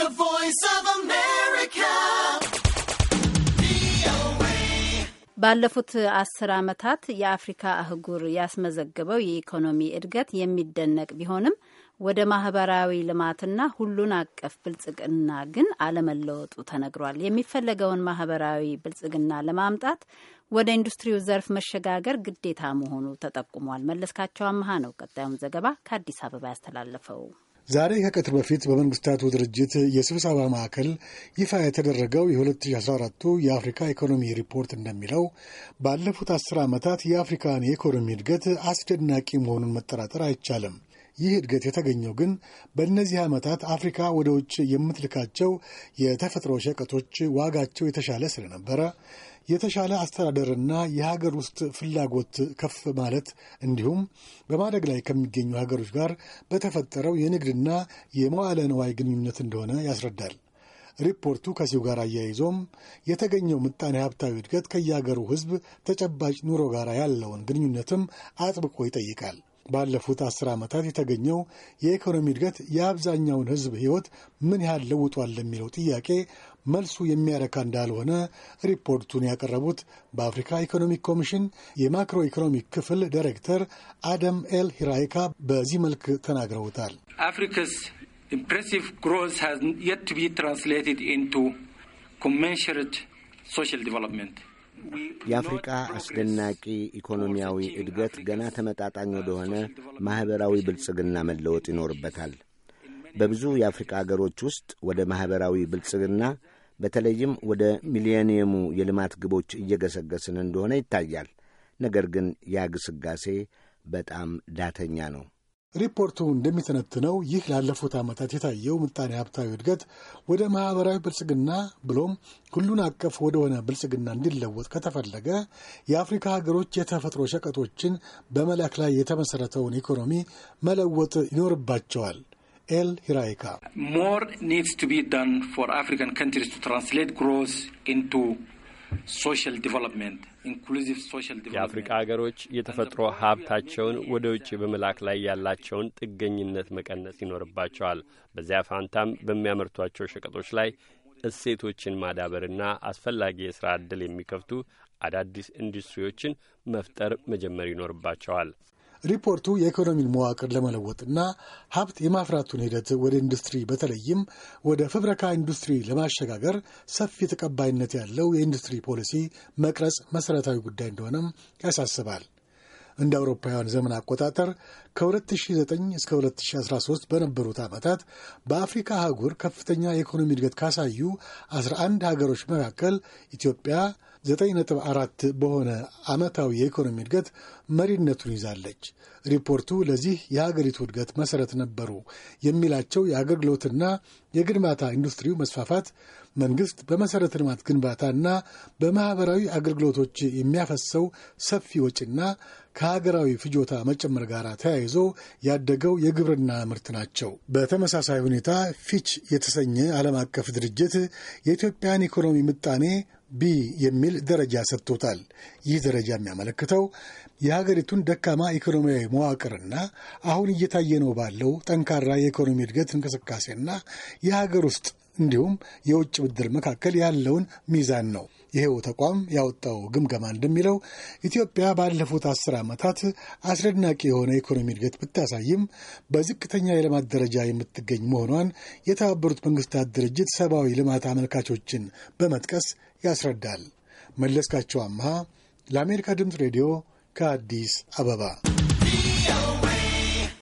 The Voice of America. ባለፉት አስር ዓመታት የአፍሪካ አህጉር ያስመዘገበው የኢኮኖሚ እድገት የሚደነቅ ቢሆንም ወደ ማህበራዊ ልማትና ሁሉን አቀፍ ብልጽግና ግን አለመለወጡ ተነግሯል። የሚፈለገውን ማህበራዊ ብልጽግና ለማምጣት ወደ ኢንዱስትሪው ዘርፍ መሸጋገር ግዴታ መሆኑ ተጠቁሟል። መለስካቸው አመሃ ነው ቀጣዩን ዘገባ ከአዲስ አበባ ያስተላለፈው። ዛሬ ከቀትር በፊት በመንግስታቱ ድርጅት የስብሰባ ማዕከል ይፋ የተደረገው የ2014ቱ የአፍሪካ ኢኮኖሚ ሪፖርት እንደሚለው ባለፉት አስር ዓመታት የአፍሪካን የኢኮኖሚ እድገት አስደናቂ መሆኑን መጠራጠር አይቻልም። ይህ እድገት የተገኘው ግን በእነዚህ ዓመታት አፍሪካ ወደ ውጭ የምትልካቸው የተፈጥሮ ሸቀጦች ዋጋቸው የተሻለ ስለነበረ የተሻለ አስተዳደርና የሀገር ውስጥ ፍላጎት ከፍ ማለት እንዲሁም በማደግ ላይ ከሚገኙ ሀገሮች ጋር በተፈጠረው የንግድና የመዋለ ንዋይ ግንኙነት እንደሆነ ያስረዳል። ሪፖርቱ ከዚሁ ጋር አያይዞም የተገኘው ምጣኔ ሀብታዊ እድገት ከየሀገሩ ሕዝብ ተጨባጭ ኑሮ ጋር ያለውን ግንኙነትም አጥብቆ ይጠይቃል። ባለፉት አስር ዓመታት የተገኘው የኢኮኖሚ እድገት የአብዛኛውን ሕዝብ ሕይወት ምን ያህል ለውጧል ለሚለው ጥያቄ መልሱ የሚያረካ እንዳልሆነ ሪፖርቱን ያቀረቡት በአፍሪካ ኢኮኖሚክ ኮሚሽን የማክሮ ኢኮኖሚክ ክፍል ዳይሬክተር አደም ኤል ሂራይካ በዚህ መልክ ተናግረውታል። አፍሪካስ ኢምፕሬሲቭ ግሮዝ ሃዝ የት ቱ ቢ ትራንስሌትድ ኢንቱ ኮሜንሸርድ ሶሻል ዲቨሎፕመንት የአፍሪቃ አስደናቂ ኢኮኖሚያዊ እድገት ገና ተመጣጣኝ ወደሆነ ማኅበራዊ ብልጽግና መለወጥ ይኖርበታል። በብዙ የአፍሪቃ አገሮች ውስጥ ወደ ማኅበራዊ ብልጽግና በተለይም ወደ ሚሊየኒየሙ የልማት ግቦች እየገሰገስን እንደሆነ ይታያል። ነገር ግን ያ ግስጋሴ በጣም ዳተኛ ነው። ሪፖርቱ እንደሚተነትነው ይህ ላለፉት ዓመታት የታየው ምጣኔ ሀብታዊ እድገት ወደ ማኅበራዊ ብልጽግና ብሎም ሁሉን አቀፍ ወደሆነ ብልጽግና እንዲለወጥ ከተፈለገ የአፍሪካ ሀገሮች የተፈጥሮ ሸቀጦችን በመላክ ላይ የተመሠረተውን ኢኮኖሚ መለወጥ ይኖርባቸዋል። ኤል ሂራይካ ሞር ኒድስ ቱ ቢ ዳን ፎር አፍሪካን ካንትሪስ ቱ ትራንስሌት ግሮስ ኢንቱ የአፍሪካ ሀገሮች የተፈጥሮ ሀብታቸውን ወደ ውጭ በመላክ ላይ ያላቸውን ጥገኝነት መቀነስ ይኖርባቸዋል። በዚያ ፋንታም በሚያመርቷቸው ሸቀጦች ላይ እሴቶችን ማዳበርና አስፈላጊ የስራ ዕድል የሚከፍቱ አዳዲስ ኢንዱስትሪዎችን መፍጠር መጀመር ይኖርባቸዋል። ሪፖርቱ የኢኮኖሚን መዋቅር ለመለወጥና ሀብት የማፍራቱን ሂደት ወደ ኢንዱስትሪ በተለይም ወደ ፍብረካ ኢንዱስትሪ ለማሸጋገር ሰፊ ተቀባይነት ያለው የኢንዱስትሪ ፖሊሲ መቅረጽ መሠረታዊ ጉዳይ እንደሆነም ያሳስባል። እንደ አውሮፓውያን ዘመን አቆጣጠር ከ2009 እስከ 2013 በነበሩት ዓመታት በአፍሪካ አህጉር ከፍተኛ የኢኮኖሚ እድገት ካሳዩ 11 ሀገሮች መካከል ኢትዮጵያ 9.4 በሆነ ዓመታዊ የኢኮኖሚ እድገት መሪነቱን ይዛለች። ሪፖርቱ ለዚህ የሀገሪቱ እድገት መሠረት ነበሩ የሚላቸው የአገልግሎትና የግንባታ ኢንዱስትሪው መስፋፋት መንግሥት በመሠረተ ልማት ግንባታና በማኅበራዊ አገልግሎቶች የሚያፈሰው ሰፊ ወጪና ከሀገራዊ ፍጆታ መጨመር ጋር ተያይዞ ያደገው የግብርና ምርት ናቸው። በተመሳሳይ ሁኔታ ፊች የተሰኘ ዓለም አቀፍ ድርጅት የኢትዮጵያን ኢኮኖሚ ምጣኔ ቢ የሚል ደረጃ ሰጥቶታል። ይህ ደረጃ የሚያመለክተው የሀገሪቱን ደካማ ኢኮኖሚያዊ መዋቅርና አሁን እየታየ ነው ባለው ጠንካራ የኢኮኖሚ እድገት እንቅስቃሴና የሀገር ውስጥ እንዲሁም የውጭ ብድር መካከል ያለውን ሚዛን ነው። ይሄው ተቋም ያወጣው ግምገማ እንደሚለው ኢትዮጵያ ባለፉት አስር ዓመታት አስደናቂ የሆነ ኢኮኖሚ እድገት ብታሳይም በዝቅተኛ የልማት ደረጃ የምትገኝ መሆኗን የተባበሩት መንግስታት ድርጅት ሰብአዊ ልማት አመልካቾችን በመጥቀስ ያስረዳል። መለስካቸው አምሃ ለአሜሪካ ድምፅ ሬዲዮ ከአዲስ አበባ